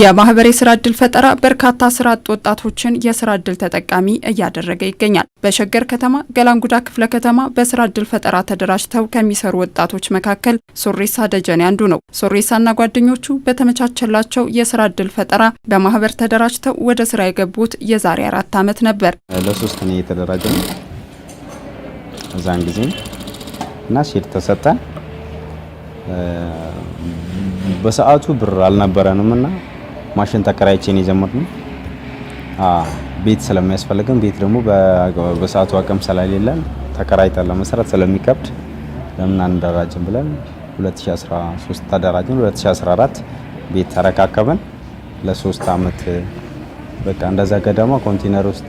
የማህበር የስራ እድል ፈጠራ በርካታ ስራ አጥ ወጣቶችን የስራ እድል ተጠቃሚ እያደረገ ይገኛል። በሸገር ከተማ ገላንጉዳ ክፍለ ከተማ በስራ እድል ፈጠራ ተደራጅተው ከሚሰሩ ወጣቶች መካከል ሶሬሳ ደጀኔ አንዱ ነው። ሶሬሳና ጓደኞቹ በተመቻቸላቸው የስራ እድል ፈጠራ በማህበር ተደራጅተው ወደ ስራ የገቡት የዛሬ አራት ዓመት ነበር። ለሶስት ነው የተደራጀ ነው እዛን ጊዜ እና ሼድ ተሰጠን። በሰዓቱ ብር አልነበረንም እና ማሽን ተከራይቼ ተከራይቼን የጀመርነው ቤት ስለሚያስፈልገን ቤት ደግሞ በሰዓቱ አቅም ስለሌለን ተከራይተን ለመስራት ስለሚከብድ ለምን አንደራጅም ብለን 2013 ተደራጅን። 2014 ቤት ተረካከብን። ለሶስት አመት በቃ እንደዛ ገደማ ኮንቴነር ውስጥ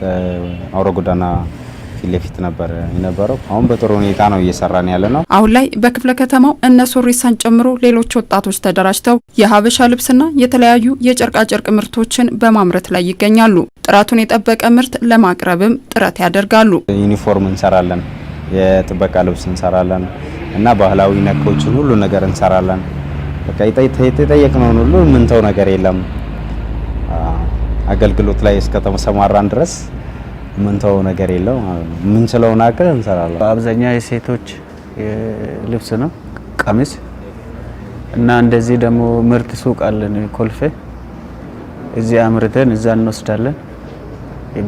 አውራ ጎዳና ፊት ለፊት ነበር የነበረው። አሁን በጥሩ ሁኔታ ነው እየሰራን ያለ ነው። አሁን ላይ በክፍለ ከተማው እነ ሶሬሳን ጨምሮ ሌሎች ወጣቶች ተደራጅተው የሀበሻ ልብስና የተለያዩ የጨርቃጨርቅ ምርቶችን በማምረት ላይ ይገኛሉ። ጥራቱን የጠበቀ ምርት ለማቅረብም ጥረት ያደርጋሉ። ዩኒፎርም እንሰራለን፣ የጥበቃ ልብስ እንሰራለን እና ባህላዊ ነኮችን ሁሉ ነገር እንሰራለን። በቃ የጠየቅነውን ሁሉ ምንተው ነገር የለም አገልግሎት ላይ እስከተሰማራን ድረስ ምንተው ነገር የለው ስለሆነ አቅል እንሰራለን። አብዛኛ የሴቶች ልብስ ነው ቀሚስ እና እንደዚህ ደግሞ ምርት ሱቅ አለን ኮልፌ። እዚህ አምርተን እዛ እንወስዳለን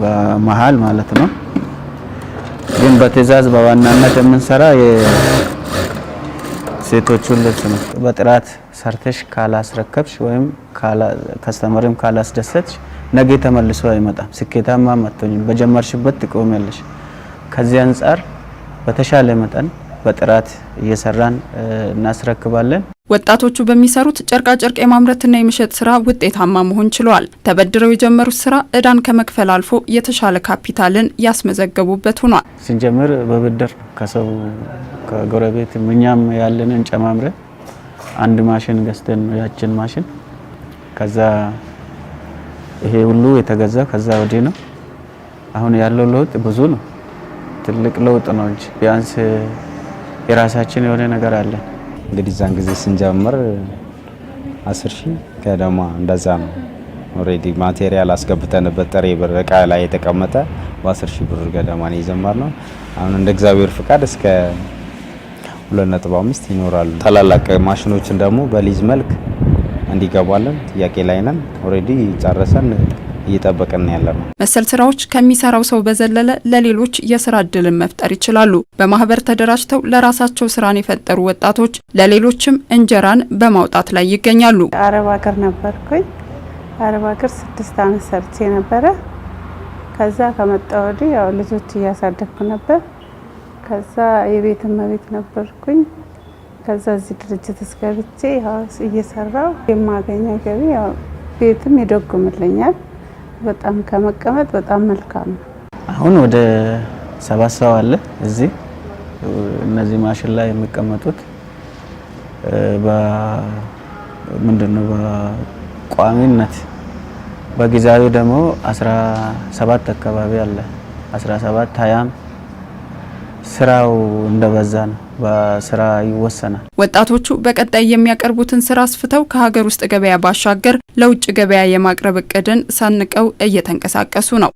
በመሀል ማለት ነው። ግን በትዕዛዝ በዋናነት የምንሰራ የሴቶቹን ልብስ ነው። በጥራት ሰርተሽ ካላስረከብሽ ወይም ከስተመርም ካላስደሰትሽ ነገ ተመልሶ አይመጣም። ስኬታማ ማቶኝ በጀመርሽበት ትቆሚያለሽ። ከዚህ አንጻር በተሻለ መጠን በጥራት እየሰራን እናስረክባለን። ወጣቶቹ በሚሰሩት ጨርቃጨርቅ የማምረትና የመሸጥ ስራ ውጤታማ መሆን ችለዋል። ተበድረው የጀመሩት ስራ እዳን ከመክፈል አልፎ የተሻለ ካፒታልን ያስመዘገቡበት ሆኗል። ስንጀምር በብድር ከሰው ከጎረቤት እኛም ያለንን ጨማምረ አንድ ማሽን ገዝተን ያችን ማሽን ከዛ ይሄ ሁሉ የተገዛ ከዛ ወዲህ ነው። አሁን ያለው ለውጥ ብዙ ነው። ትልቅ ለውጥ ነው እንጂ ቢያንስ የራሳችን የሆነ ነገር አለ። እንግዲህ ዛን ጊዜ ስንጀምር አስር ሺህ ገደማ እንደዛ ነው። ኦልሬዲ ማቴሪያል አስገብተንበት ጥሬ ብር እቃ ላይ የተቀመጠ በአስር ሺህ ብር ገደማ ነው የጀመርነው። አሁን እንደ እግዚአብሔር ፍቃድ እስከ ሁለት ነጥብ አምስት ይኖራሉ። ታላላቅ ማሽኖችን ደግሞ በሊዝ መልክ እንዲገባለን ጥያቄ ላይ ነን። ኦልሬዲ ጨርሰን እየጠበቅን ያለ ነው። መሰል ስራዎች ከሚሰራው ሰው በዘለለ ለሌሎች የስራ እድልን መፍጠር ይችላሉ። በማህበር ተደራጅተው ለራሳቸው ስራን የፈጠሩ ወጣቶች ለሌሎችም እንጀራን በማውጣት ላይ ይገኛሉ። አረብ ሀገር ነበርኩኝ። አረብ ሀገር ስድስት አመት ሰርቼ ነበረ። ከዛ ከመጣ ወዲህ ያው ልጆች እያሳደግኩ ነበር። ከዛ የቤት እመቤት ነበርኩኝ። ከዛ እዚህ ድርጅት እስከብቼ እየሰራው የማገኘው ገቢ ቤትም ይደጉምልኛል። በጣም ከመቀመጥ በጣም መልካም ነው። አሁን ወደ ሰባት ሰው አለ እዚህ እነዚህ ማሽን ላይ የሚቀመጡት ምንድን ነው በቋሚነት በጊዜያዊ ደግሞ 17 አካባቢ አለ 17 ሀያም ስራው እንደበዛ ነው። በስራ ይወሰናል። ወጣቶቹ በቀጣይ የሚያቀርቡትን ስራ አስፍተው ከሀገር ውስጥ ገበያ ባሻገር ለውጭ ገበያ የማቅረብ እቅድን ሰንቀው እየተንቀሳቀሱ ነው።